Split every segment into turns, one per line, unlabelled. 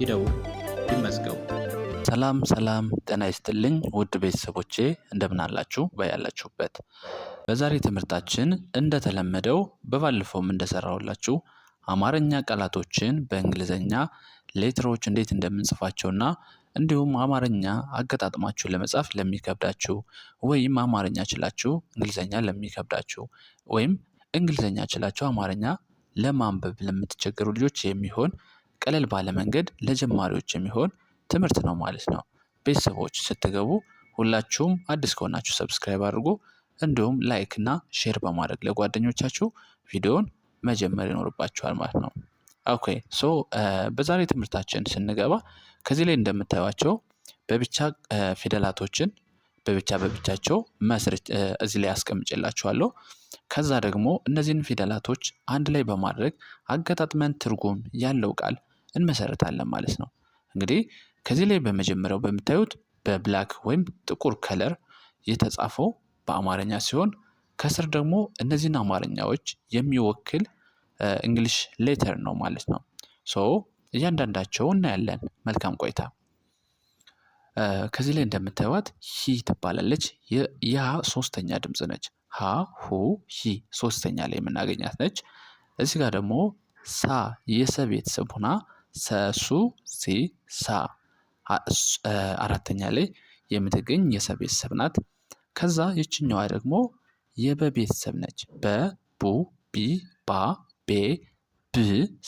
ይደውሉ፣ ይመዝገቡ። ሰላም ሰላም፣ ጤና ይስጥልኝ ውድ ቤተሰቦቼ እንደምናላችሁ በያላችሁበት። በዛሬ ትምህርታችን እንደተለመደው በባለፈውም እንደሰራሁላችሁ አማርኛ ቃላቶችን በእንግሊዝኛ ሌትሮች እንዴት እንደምንጽፋቸውና እንዲሁም አማርኛ አገጣጥማችሁ ለመጻፍ ለሚከብዳችሁ ወይም አማርኛ ችላችሁ እንግሊዝኛ ለሚከብዳችሁ ወይም እንግሊዝኛ ችላችሁ አማርኛ ለማንበብ ለምትቸገሩ ልጆች የሚሆን ቀለል ባለ መንገድ ለጀማሪዎች የሚሆን ትምህርት ነው ማለት ነው። ቤተሰቦች ስትገቡ ሁላችሁም አዲስ ከሆናችሁ ሰብስክራይብ አድርጉ እንዲሁም ላይክ እና ሼር በማድረግ ለጓደኞቻችሁ ቪዲዮውን መጀመር ይኖርባችኋል ማለት ነው። ኦኬ ሶ በዛሬ ትምህርታችን ስንገባ ከዚህ ላይ እንደምታዩቸው በብቻ ፊደላቶችን በብቻ በብቻቸው መስርች እዚህ ላይ አስቀምጭላችኋለሁ። ከዛ ደግሞ እነዚህን ፊደላቶች አንድ ላይ በማድረግ አገጣጥመን ትርጉም ያለው ቃል እንመሰረታለን ማለት ነው። እንግዲህ ከዚህ ላይ በመጀመሪያው በምታዩት በብላክ ወይም ጥቁር ከለር የተጻፈው በአማርኛ ሲሆን ከስር ደግሞ እነዚህን አማርኛዎች የሚወክል እንግሊሽ ሌተር ነው ማለት ነው። ሶ እያንዳንዳቸው እናያለን። መልካም ቆይታ። ከዚህ ላይ እንደምታዩት ሂ ትባላለች። ያ ሶስተኛ ድምፅ ነች። ሀ ሁ ሂ ሶስተኛ ላይ የምናገኛት ነች። እዚህ ጋር ደግሞ ሳ የሰ ቤተሰብ ሆና ሰሱ ሲ ሳ አራተኛ ላይ የምትገኝ የሰ ቤተሰብ ናት። ከዛ ይችኛዋ ደግሞ የበ ቤተሰብ ነች። በ ቡ ቢ ባ ቤ ብ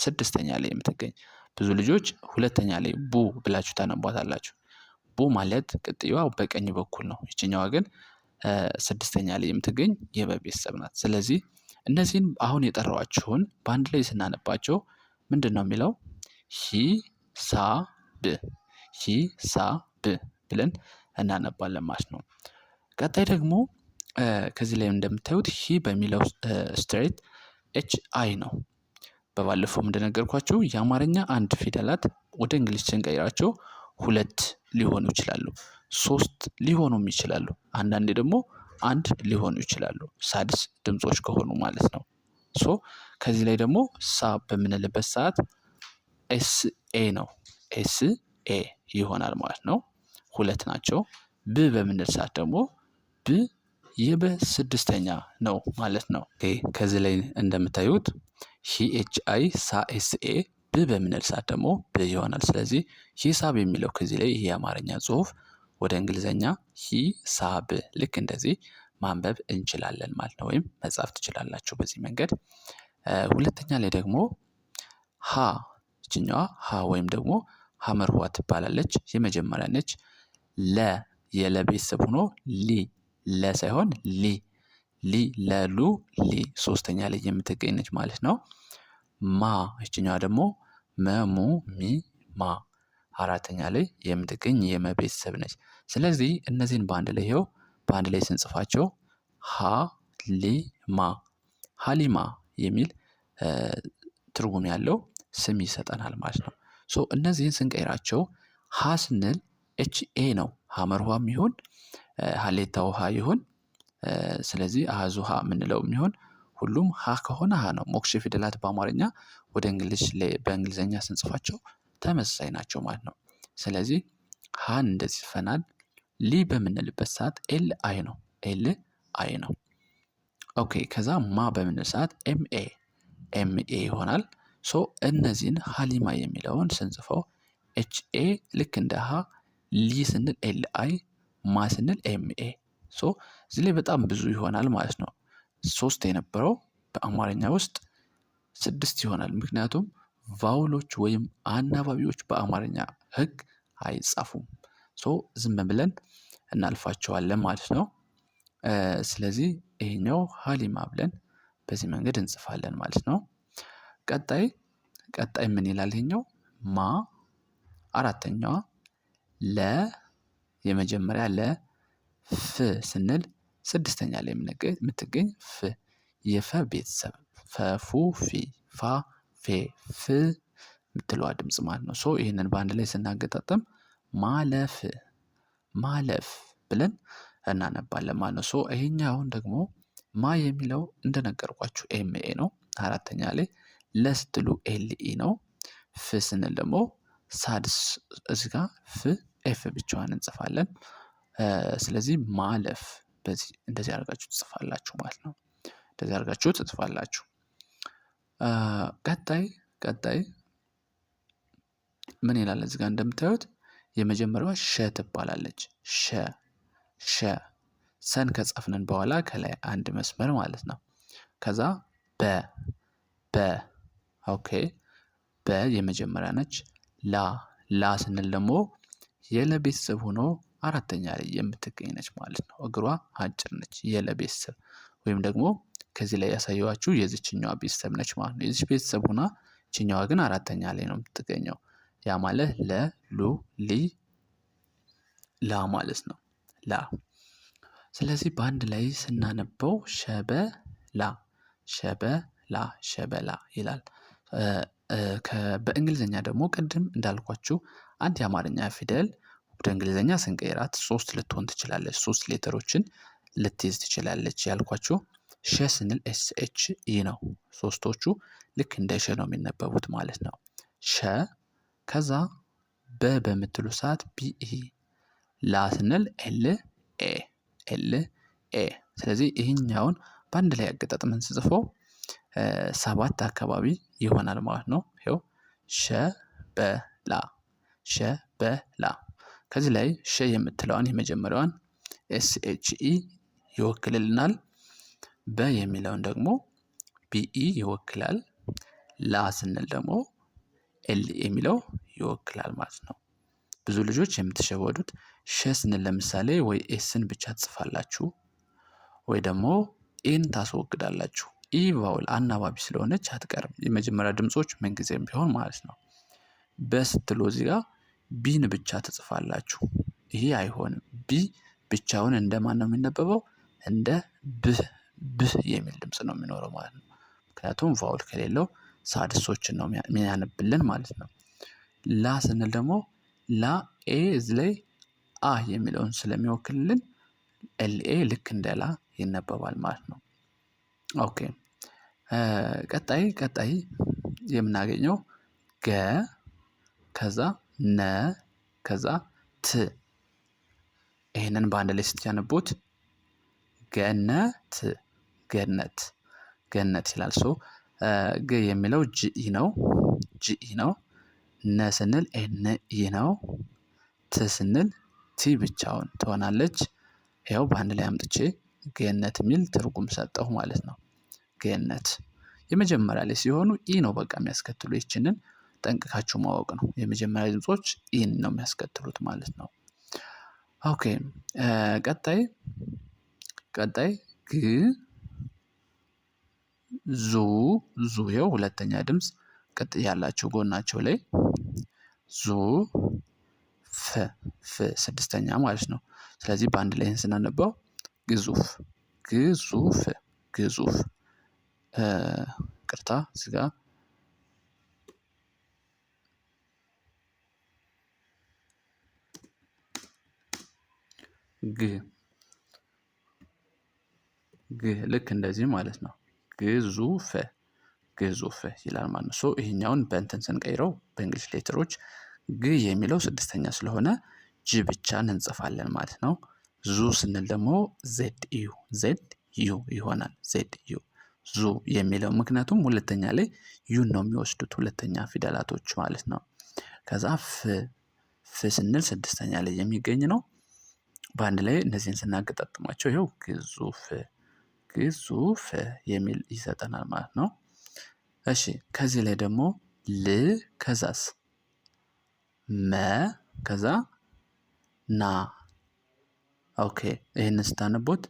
ስድስተኛ ላይ የምትገኝ ብዙ ልጆች ሁለተኛ ላይ ቡ ብላችሁ ታነቧታላችሁ። ቡ ማለት ቅጥያዋ በቀኝ በኩል ነው። ይችኛዋ ግን ስድስተኛ ላይ የምትገኝ የበ ቤተሰብ ናት። ስለዚህ እነዚህን አሁን የጠራዋችሁን በአንድ ላይ ስናነባቸው ምንድን ነው የሚለው? ሳ ብ ብለን እናነባለን ማለት ነው። ቀጣይ ደግሞ ከዚህ ላይ እንደምታዩት ሂ በሚለው ስትሬት ኤች አይ ነው። በባለፈው እንደነገርኳቸው የአማርኛ አንድ ፊደላት ወደ እንግሊዝ ስንቀይራቸው ሁለት ሊሆኑ ይችላሉ። ሶስት ሊሆኑም ይችላሉ አንዳንዴ ደግሞ አንድ ሊሆኑ ይችላሉ ሳድስ ድምፆች ከሆኑ ማለት ነው። ሶ ከዚህ ላይ ደግሞ ሳ በምንልበት ሰዓት ኤስ ኤ ነው ኤስ ኤ ይሆናል ማለት ነው። ሁለት ናቸው ብ በምንል ሰዓት ደግሞ ብ የበ ስድስተኛ ነው ማለት ነው። ከዚህ ላይ እንደምታዩት ሂ ኤች አይ ሳ ኤስ ኤ ብ በምንል ሰዓት ደግሞ ብ ይሆናል ስለዚህ ሂሳብ የሚለው ከዚህ ላይ ይሄ የአማርኛ ጽሁፍ ወደ እንግሊዘኛ ሂሳብ ልክ እንደዚህ ማንበብ እንችላለን ማለት ነው። ወይም መጻፍ ትችላላችሁ በዚህ መንገድ። ሁለተኛ ላይ ደግሞ ሀ ይችኛዋ ሀ ወይም ደግሞ ሀመርዋ ትባላለች የመጀመሪያ ነች። ለ የለቤተሰብ ሆኖ ሊ ለ ሳይሆን ሊ ሊ ለሉ ሊ ሶስተኛ ላይ የምትገኝ ነች ማለት ነው። ማ ይችኛዋ ደግሞ መሙ ሚ ማ አራተኛ ላይ የምትገኝ የመ ቤተሰብ ነች። ስለዚህ እነዚህን በአንድ ላይ ይኸው በአንድ ላይ ስንጽፋቸው ሀሊማ ሀሊማ የሚል ትርጉም ያለው ስም ይሰጠናል ማለት ነው። ሶ እነዚህን ስንቀይራቸው ሀ ስንል ኤች ኤ ነው ሀመር ውሃ የሚሆን ሀሌታ ውሃ ይሆን ስለዚህ አህዙ ሀ የምንለው የሚሆን ሁሉም ሀ ከሆነ ሀ ነው። ሞክሽ ፊደላት በአማርኛ ወደ እንግሊሽ በእንግሊዝኛ ስንጽፋቸው ተመሳሳይ ናቸው ማለት ነው። ስለዚህ ሀን እንደዚህ ጽፈናል። ሊ በምንልበት ሰዓት ኤል አይ ነው ኤል አይ ነው። ኦኬ ከዛ ማ በምንል ሰዓት ኤም ኤ ኤም ኤ ይሆናል። ሶ እነዚህን ሀሊማ የሚለውን ስንጽፈው ኤች ኤ ልክ እንደ ሀ፣ ሊ ስንል ኤል አይ፣ ማ ስንል ኤም ኤ። ሶ እዚህ ላይ በጣም ብዙ ይሆናል ማለት ነው። ሶስት የነበረው በአማርኛ ውስጥ ስድስት ይሆናል ምክንያቱም ቫውሎች ወይም አናባቢዎች በአማርኛ ህግ አይጻፉም ሶ ዝም ብለን እናልፋቸዋለን ማለት ነው። ስለዚህ ይሄኛው ሀሊማ ብለን በዚህ መንገድ እንጽፋለን ማለት ነው። ቀጣይ ቀጣይ ምን ይላል? ይሄኛው ማ አራተኛዋ ለ የመጀመሪያ ለ ፍ ስንል ስድስተኛ ላይ የምትገኝ ፍ የፈ ቤተሰብ ፈፉ ፊ ፋ ፌ ፍ የምትለዋ ድምጽ ማለት ነው። ሶ ይህንን በአንድ ላይ ስናገጣጠም ማለፍ ማለፍ ብለን እናነባለን ማለት ነው። ሶ ይሄኛውን ደግሞ ማ የሚለው እንደነገርኳችሁ ኤምኤ ነው። አራተኛ ላይ ለስትሉ ኤልኢ ነው። ፍ ስንል ደግሞ ሳድስ እዚ ጋ ፍ ኤፍ ብቻዋን እንጽፋለን። ስለዚህ ማለፍ በዚህ እንደዚህ አድርጋችሁ ትጽፋላችሁ ማለት ነው። እንደዚህ አድርጋችሁ ትጽፋላችሁ። ቀጣይ ቀጣይ ምን ይላል እዚህ ጋር እንደምታዩት የመጀመሪያዋ ሸ ትባላለች። ሸ ሸ ሰን ከጻፍነን በኋላ ከላይ አንድ መስመር ማለት ነው። ከዛ በ በ ኦኬ በ የመጀመሪያ ነች። ላ ላ ስንል ደግሞ የለቤተሰብ ሆኖ አራተኛ ላይ የምትገኝ ነች ማለት ነው። እግሯ አጭር ነች። የለቤተሰብ ወይም ደግሞ ከዚህ ላይ ያሳየዋችሁ የዚችኛዋ ቤተሰብ ነች ማለት ነው። የዚች ቤተሰብ ሆና ችኛዋ ግን አራተኛ ላይ ነው የምትገኘው። ያ ማለት ለ ሉ ሊ ላ ማለት ነው። ላ ስለዚህ በአንድ ላይ ስናነበው ሸበላ ሸበላ ሸበላ ይላል። በእንግሊዝኛ ደግሞ ቅድም እንዳልኳችሁ አንድ የአማርኛ ፊደል ወደ እንግሊዝኛ ስንቀይራት ሶስት ልትሆን ትችላለች። ሶስት ሌተሮችን ልትይዝ ትችላለች ያልኳችሁ ሸ ስንል ኤስ ኤች ኢ ነው። ሶስቶቹ ልክ እንደ ሸ ነው የሚነበቡት ማለት ነው። ሸ ከዛ በ በምትሉ ሰዓት ኢ ላ ስንል ኤል ኤ ኤል ኤ። ስለዚህ ይህኛውን በአንድ ላይ አገጣጥመን ስጽፎ ሰባት አካባቢ ይሆናል ማለት ነው። ይኸው ሸ በላ ሸ በላ። ከዚህ ላይ ሸ የምትለዋን የመጀመሪያዋን ኤስኤችኢ ይወክልልናል። በ የሚለውን ደግሞ ቢኢ ይወክላል። ላ ስንል ደግሞ ኤል የሚለው ይወክላል ማለት ነው። ብዙ ልጆች የምትሸወዱት ሸ ስንል ለምሳሌ ወይ ኤስን ብቻ ትጽፋላችሁ ወይ ደግሞ ኤን ታስወግዳላችሁ። ኢ ቫውል አናባቢ ስለሆነች አትቀርም። የመጀመሪያ ድምፆች ምንጊዜም ቢሆን ማለት ነው። በስትሎ እዚህ ጋ ቢን ብቻ ትጽፋላችሁ። ይሄ አይሆንም። ቢ ብቻውን እንደማን ነው የሚነበበው? እንደ ብህ ብህ የሚል ድምፅ ነው የሚኖረው ማለት ነው። ምክንያቱም ቫውል ከሌለው ሳድሶችን ነው የሚያነብልን ማለት ነው። ላ ስንል ደግሞ ላ ኤ እዚ ላይ አ የሚለውን ስለሚወክልልን ኤልኤ ልክ እንደ ላ ይነበባል ማለት ነው። ኦኬ ቀጣይ ቀጣይ የምናገኘው ገ ከዛ ነ ከዛ ት ይህንን በአንድ ላይ ስትያነቡት ገነት ገነት ገነት ይላል ሶ ገ የሚለው ጅኢ ነው ጅኢ ነው። ነ ስንል ኤንኢ ነው። ት ስንል ቲ ብቻውን ትሆናለች። ያው በአንድ ላይ አምጥቼ ገነት የሚል ትርጉም ሰጠሁ ማለት ነው። ገነት የመጀመሪያ ላይ ሲሆኑ ኢ ነው በቃ የሚያስከትሉ ይችንን ጠንቅካችሁ ማወቅ ነው። የመጀመሪያ ድምፆች ኢን ነው የሚያስከትሉት ማለት ነው። ኦኬ ቀጣይ ቀጣይ ግ ዙ ዙ ይኸው ሁለተኛ ድምፅ ቅጥ ያላቸው ጎናቸው ላይ ዙ ፍ ፍ ስድስተኛ ማለት ነው። ስለዚህ በአንድ ላይ ይህን ስናነባው ግዙፍ ግዙፍ ግዙፍ ቅርታ ስጋ ግ ግ ልክ እንደዚህ ማለት ነው። ግዙፍ ግዙፍ ይላል ማለት ነው። ሶ ይሄኛውን በእንትን ስንቀይረው በእንግሊሽ ሌተሮች ግ የሚለው ስድስተኛ ስለሆነ ጅ ብቻን እንጽፋለን ማለት ነው። ዙ ስንል ደግሞ ዜድ ዩ ዜድ ዩ ይሆናል። ዜድ ዩ ዙ የሚለው ምክንያቱም ሁለተኛ ላይ ዩን ነው የሚወስዱት ሁለተኛ ፊደላቶች ማለት ነው። ከዛ ፍ ፍ ስንል ስድስተኛ ላይ የሚገኝ ነው። በአንድ ላይ እነዚህን ስናገጣጥማቸው ይኸው ግዙፍ ግዙፍ የሚል ይሰጠናል ማለት ነው። እሺ ከዚህ ላይ ደግሞ ል ከዛስ መ ከዛ ና ኦኬ ይህንን ስታነቦት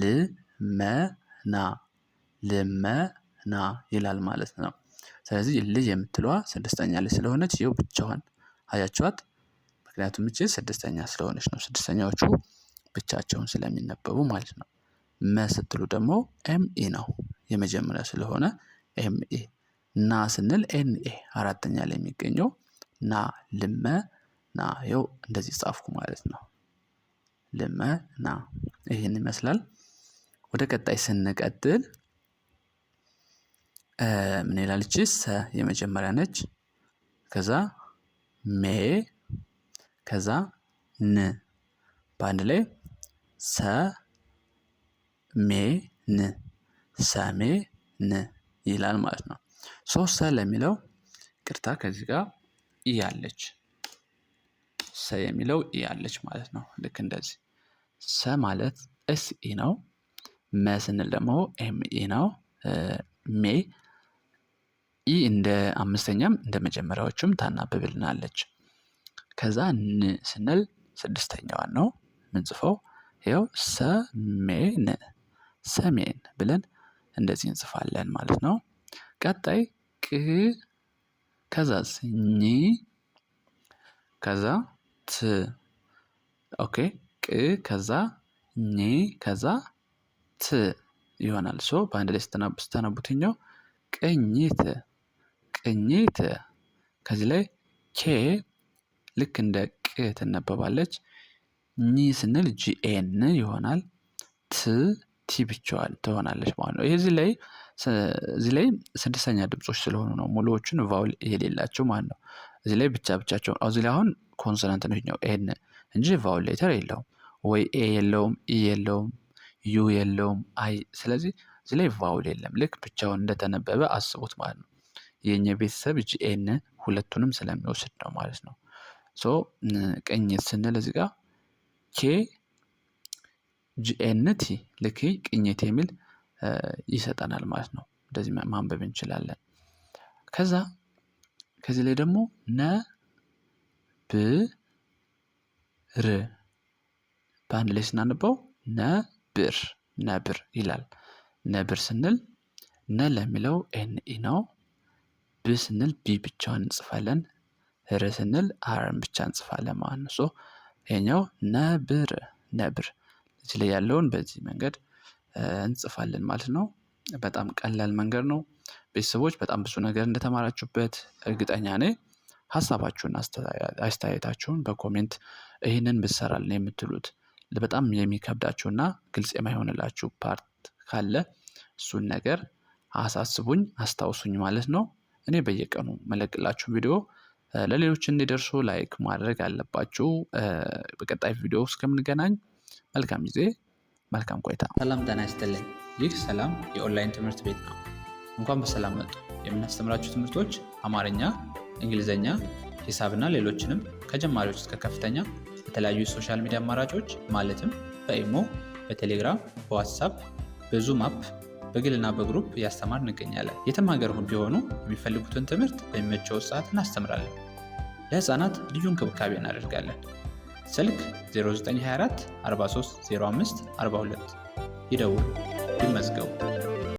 ልመና ልመና ይላል ማለት ነው። ስለዚህ ል የምትለዋ ስድስተኛ ላይ ስለሆነች ይው ብቻዋን አያችኋት። ምክንያቱም እች ስድስተኛ ስለሆነች ነው። ስድስተኛዎቹ ብቻቸውን ስለሚነበቡ ማለት ነው። መ ስትሉ ደግሞ ኤምኢ ነው የመጀመሪያ ስለሆነ ኤምኢ ና ስንል ኤንኤ አራተኛ ላይ የሚገኘው ና ልመ ና የው እንደዚህ ጻፍኩ ማለት ነው። ልመ ና ይህን ይመስላል። ወደ ቀጣይ ስንቀጥል ምን ይላለች? ሰ የመጀመሪያ ነች። ከዛ ሜ ከዛ ን በአንድ ላይ ሰ ሜን ሰሜን ይላል ማለት ነው። ሶስት ሰ ለሚለው ቅርታ ከዚህ ጋር እያለች ሰ የሚለው እያለች ማለት ነው። ልክ እንደዚህ ሰ ማለት እስ ኢ ነው። መ ስንል ደግሞ ኤም ኢ ነው። ሜ ኢ እንደ አምስተኛም እንደ መጀመሪያዎቹም ታናብብልናለች። ከዛ ን ስንል ስድስተኛዋን ነው ምንጽፈው ይኸው ሰሜን ሰሜን ብለን እንደዚህ እንጽፋለን ማለት ነው። ቀጣይ ቅ ከዛ ስኝ ከዛ ት ኦኬ ቅ ከዛ ኝ ከዛ ት ይሆናል። ሶ በአንድ ላይ ስተነቡትኛው ቅኝት ቅኝት። ከዚህ ላይ ኬ ልክ እንደ ቅ ትነበባለች። ኝ ስንል ጂኤን ይሆናል። ት ቲ ብቻዋን ትሆናለች ማለት ነው። እዚህ ላይ እዚህ ላይ ስድስተኛ ድምጾች ስለሆኑ ነው ሙሉዎቹን ቫውል የሌላቸው ማለት ነው። እዚህ ላይ ብቻ ብቻቸው እዚህ ላይ አሁን ኮንሶናንት ነው ኛው ኤን እንጂ ቫውል ሌተር የለውም ወይ ኤ የለውም ኢ የለውም ዩ የለውም አይ። ስለዚህ እዚህ ላይ ቫውል የለም። ልክ ብቻውን እንደተነበበ አስቡት ማለት ነው። የእኛ ቤተሰብ እጅ ኤን ሁለቱንም ስለሚወስድ ነው ማለት ነው። ሶ ቅኝት ስንል እዚህ ጋር ኬ ጂኤንቲ ል ቅኝት የሚል ይሰጠናል ማለት ነው። እንደዚህ ማንበብ እንችላለን። ከዛ ከዚህ ላይ ደግሞ ነ ብ ር በአንድ ላይ ስናንበው ነብር ነብር ይላል። ነብር ስንል ነ ለሚለው ኤንኢ ነው። ብ ስንል ቢ ብቻውን እንጽፋለን። ር ስንል አርን ብቻ እንጽፋለን ማለት ነው። ይሄኛው ነብር ነብር እዚህ ላይ ያለውን በዚህ መንገድ እንጽፋለን ማለት ነው። በጣም ቀላል መንገድ ነው። ቤተሰቦች በጣም ብዙ ነገር እንደተማራችሁበት እርግጠኛ ነኝ። ሀሳባችሁን አስተያየታችሁን በኮሜንት ይህንን ብትሰራልን የምትሉት በጣም የሚከብዳችሁና ግልጽ የማይሆንላችሁ ፓርት ካለ እሱን ነገር አሳስቡኝ አስታውሱኝ ማለት ነው። እኔ በየቀኑ መለቅላችሁ ቪዲዮ ለሌሎች እንዲደርሱ ላይክ ማድረግ አለባችሁ። በቀጣይ ቪዲዮ እስከምንገናኝ መልካም ጊዜ፣ መልካም ቆይታ። ሰላም ጤና ይስጥልኝ። ይህ ሰላም የኦንላይን ትምህርት ቤት ነው። እንኳን በሰላም መጡ። የምናስተምራችሁ ትምህርቶች አማርኛ፣ እንግሊዝኛ፣ ሂሳብና ሌሎችንም ከጀማሪዎች እስከ ከፍተኛ በተለያዩ የሶሻል ሚዲያ አማራጮች ማለትም በኢሞ፣ በቴሌግራም፣ በዋትሳፕ፣ በዙም አፕ በግልና በግሩፕ እያስተማር እንገኛለን። የትም ሀገር ቢሆኑ የሚፈልጉትን ትምህርት በሚመቸው ሰዓት እናስተምራለን። ለህፃናት ልዩ እንክብካቤ እናደርጋለን። ስልክ 0924 05 42 ይደውሉ፣ ይመዝገቡ።